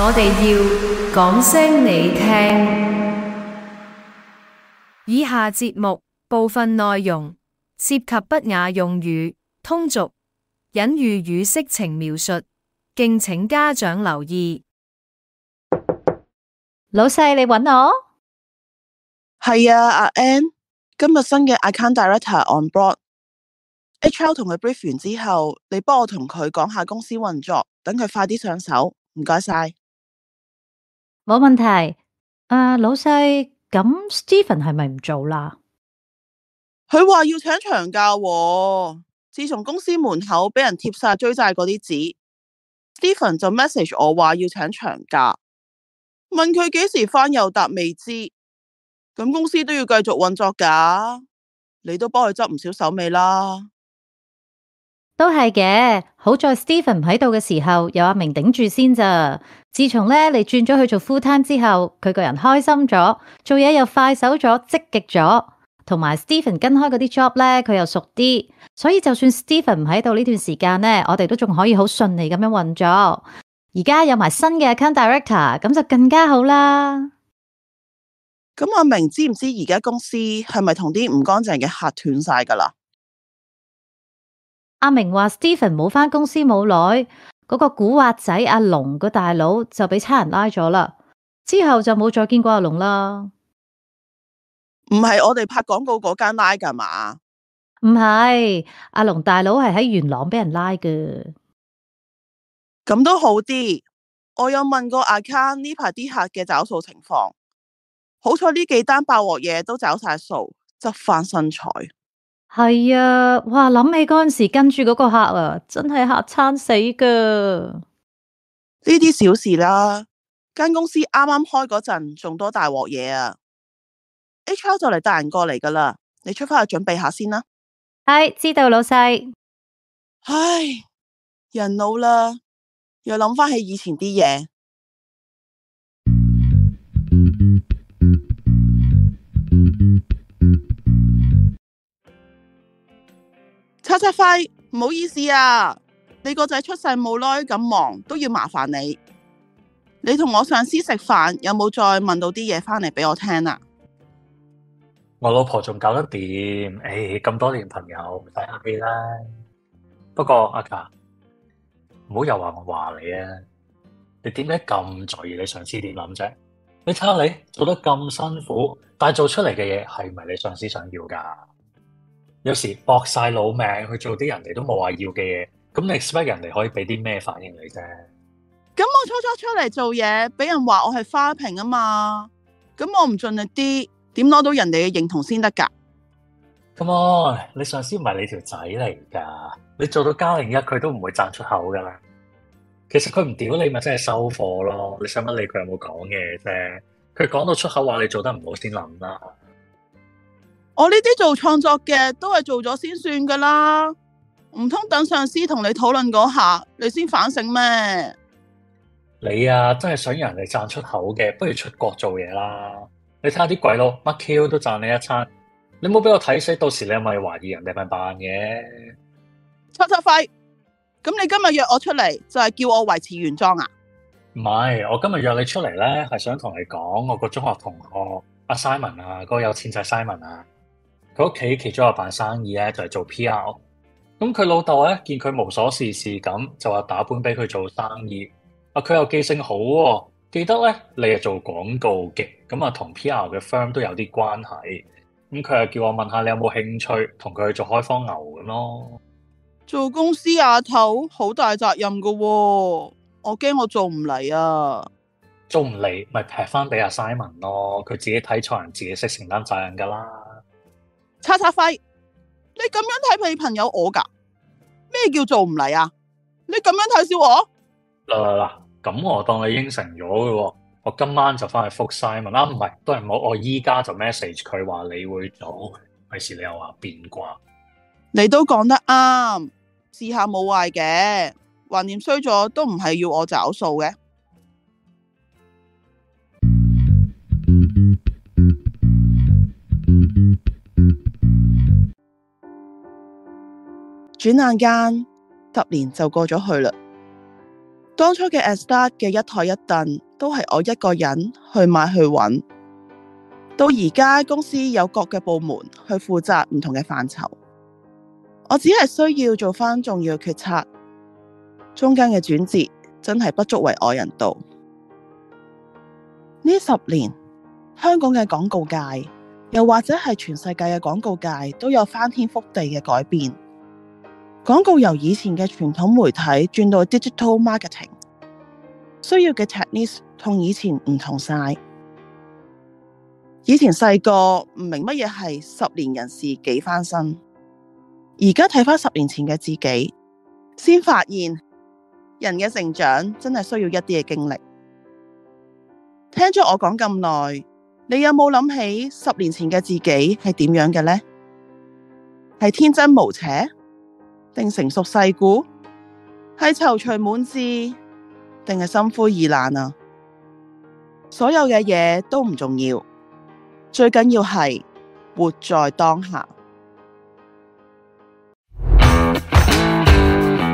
我哋要講聲你聽，以下節目部分內容涉及不雅用語、通俗隱喻與色情描述，敬請家長留意。老細，你揾我？係啊，阿、啊、Ann，今日新嘅 Account Director on board，HR 同佢 brief 完之後，你幫我同佢講下公司運作，等佢快啲上手。唔該晒。冇問題，誒、啊，老細，咁 Steven 係咪唔做啦？佢話要請長假，哦。自從公司門口俾人貼晒追債嗰啲紙 ，Steven 就 message 我話要請長假，問佢幾時返又答未知。咁公司都要繼續運作噶，你都幫佢執唔少手尾啦。都係嘅，好在 Stephen 唔喺度嘅時候，有阿明頂住先咋。自從咧你轉咗去做 full time 之後，佢個人開心咗，做嘢又快手咗，積極咗，同埋 Stephen 跟開嗰啲 job 咧，佢又熟啲，所以就算 Stephen 唔喺度呢段時間呢，我哋都仲可以好順利咁樣運作。而家有埋新嘅 account director，咁就更加好啦。咁阿明知唔知而家公司係咪同啲唔乾淨嘅客斷晒噶啦？阿明話 Stephen 冇返公司冇耐，嗰個古惑仔阿龍個大佬就俾差人拉咗啦。之後就冇再見過阿龍啦。唔係我哋拍廣告嗰間拉噶嘛？唔係阿龍大佬係喺元朗畀人拉嘅。咁都好啲。我有問過阿卡呢排啲客嘅找數情況。好彩呢幾單爆鑊嘢都找晒數，執翻身彩。係啊，哇！諗起嗰陣時跟住嗰個客啊，真係嚇餐死噶。呢啲小事啦，間公司啱啱開嗰陣仲多大鑊嘢啊！H R 就嚟帶人過嚟噶啦，你出翻去準備下先啦。係，知道老細。唉，人老啦，又諗翻起以前啲嘢。卡莎輝，唔好意思啊，你個仔出世冇耐咁忙，都要麻煩你。你同我上司食飯，有冇再問到啲嘢翻嚟俾我聽啊？我老婆仲搞得掂，誒、哎，咁多年朋友，唔使客氣啦。不過阿卡，唔好又話我話你啊，你點解咁在意你上司點諗啫？你睇下你做得咁辛苦，但係做出嚟嘅嘢係唔係你上司想要噶？有時搏晒老命去做啲人哋都冇話要嘅嘢，咁你 expect 人哋可以俾啲咩反應你啫？咁我初初出嚟做嘢，俾人話我係花瓶啊嘛，咁我唔盡力啲，點攞到人哋嘅認同先得噶？咁啊，你上司唔係你條仔嚟噶，你做到加零一，佢都唔會讚出口噶啦。其實佢唔屌你，咪真係收貨咯。你使乜理佢有冇講嘢啫？佢講到出口話你做得唔好，先諗啦。我呢啲做創作嘅都係做咗先算噶啦，唔通等上司同你討論嗰下，你先反省咩？你啊，真係想人哋讚出口嘅，不如出國做嘢啦。你睇下啲鬼佬乜 Q 都讚你一餐，你唔好俾我睇死，到時，你咪懷疑人哋咪扮嘅。七七輝，咁你今日約我出嚟就係、是、叫我維持原裝啊？唔係，我今日約你出嚟咧，係想同你講我個中學同學、阿、Simon 啊，嗰、那個有錢仔 Simon 啊。佢屋企其中一辦生意咧就係、是、做 P.R. 咁佢老豆咧見佢無所事事咁就話打本俾佢做生意啊佢又記性好、哦、記得咧你係做廣告嘅咁啊同 P.R. 嘅 firm 都有啲關係咁佢又叫我問下你有冇興趣同佢去做開荒牛咁咯做公司阿頭好大責任噶、哦、我驚我做唔嚟啊做唔嚟咪劈翻俾阿 Simon 咯佢自己睇錯人自己識承擔責任噶啦。叉叉廢，你咁樣睇你朋友我噶？咩叫做唔嚟啊？你咁樣睇笑我？嗱嗱嗱，咁我當你應承咗嘅，我今晚就翻去覆 Simon 啦。唔、啊、係都係冇，我依家就 message 佢話你會做，費事你又話變卦。你都講得啱，試下冇壞嘅，橫掂衰咗都唔係要我找數嘅。轉眼間十年就過咗去啦。當初嘅 ASTART 嘅一枱一凳都係我一個人去買去揾，到而家公司有各嘅部門去負責唔同嘅範疇，我只係需要做翻重要決策。中間嘅轉折真係不足為外人道。呢十年，香港嘅廣告界又或者係全世界嘅廣告界都有翻天覆地嘅改變。廣告由以前嘅傳統媒體轉到 digital marketing，需要嘅 technics 同以前唔同晒。以前細個唔明乜嘢係十年人事幾番新，而家睇返十年前嘅自己，先發現人嘅成長真係需要一啲嘅經歷。聽咗我講咁耐，你有冇諗起十年前嘅自己係點樣嘅呢？係天真無邪。定成熟世故，係躊躇滿志，定係心灰意冷啊？所有嘅嘢都唔重要，最緊要係活在當下。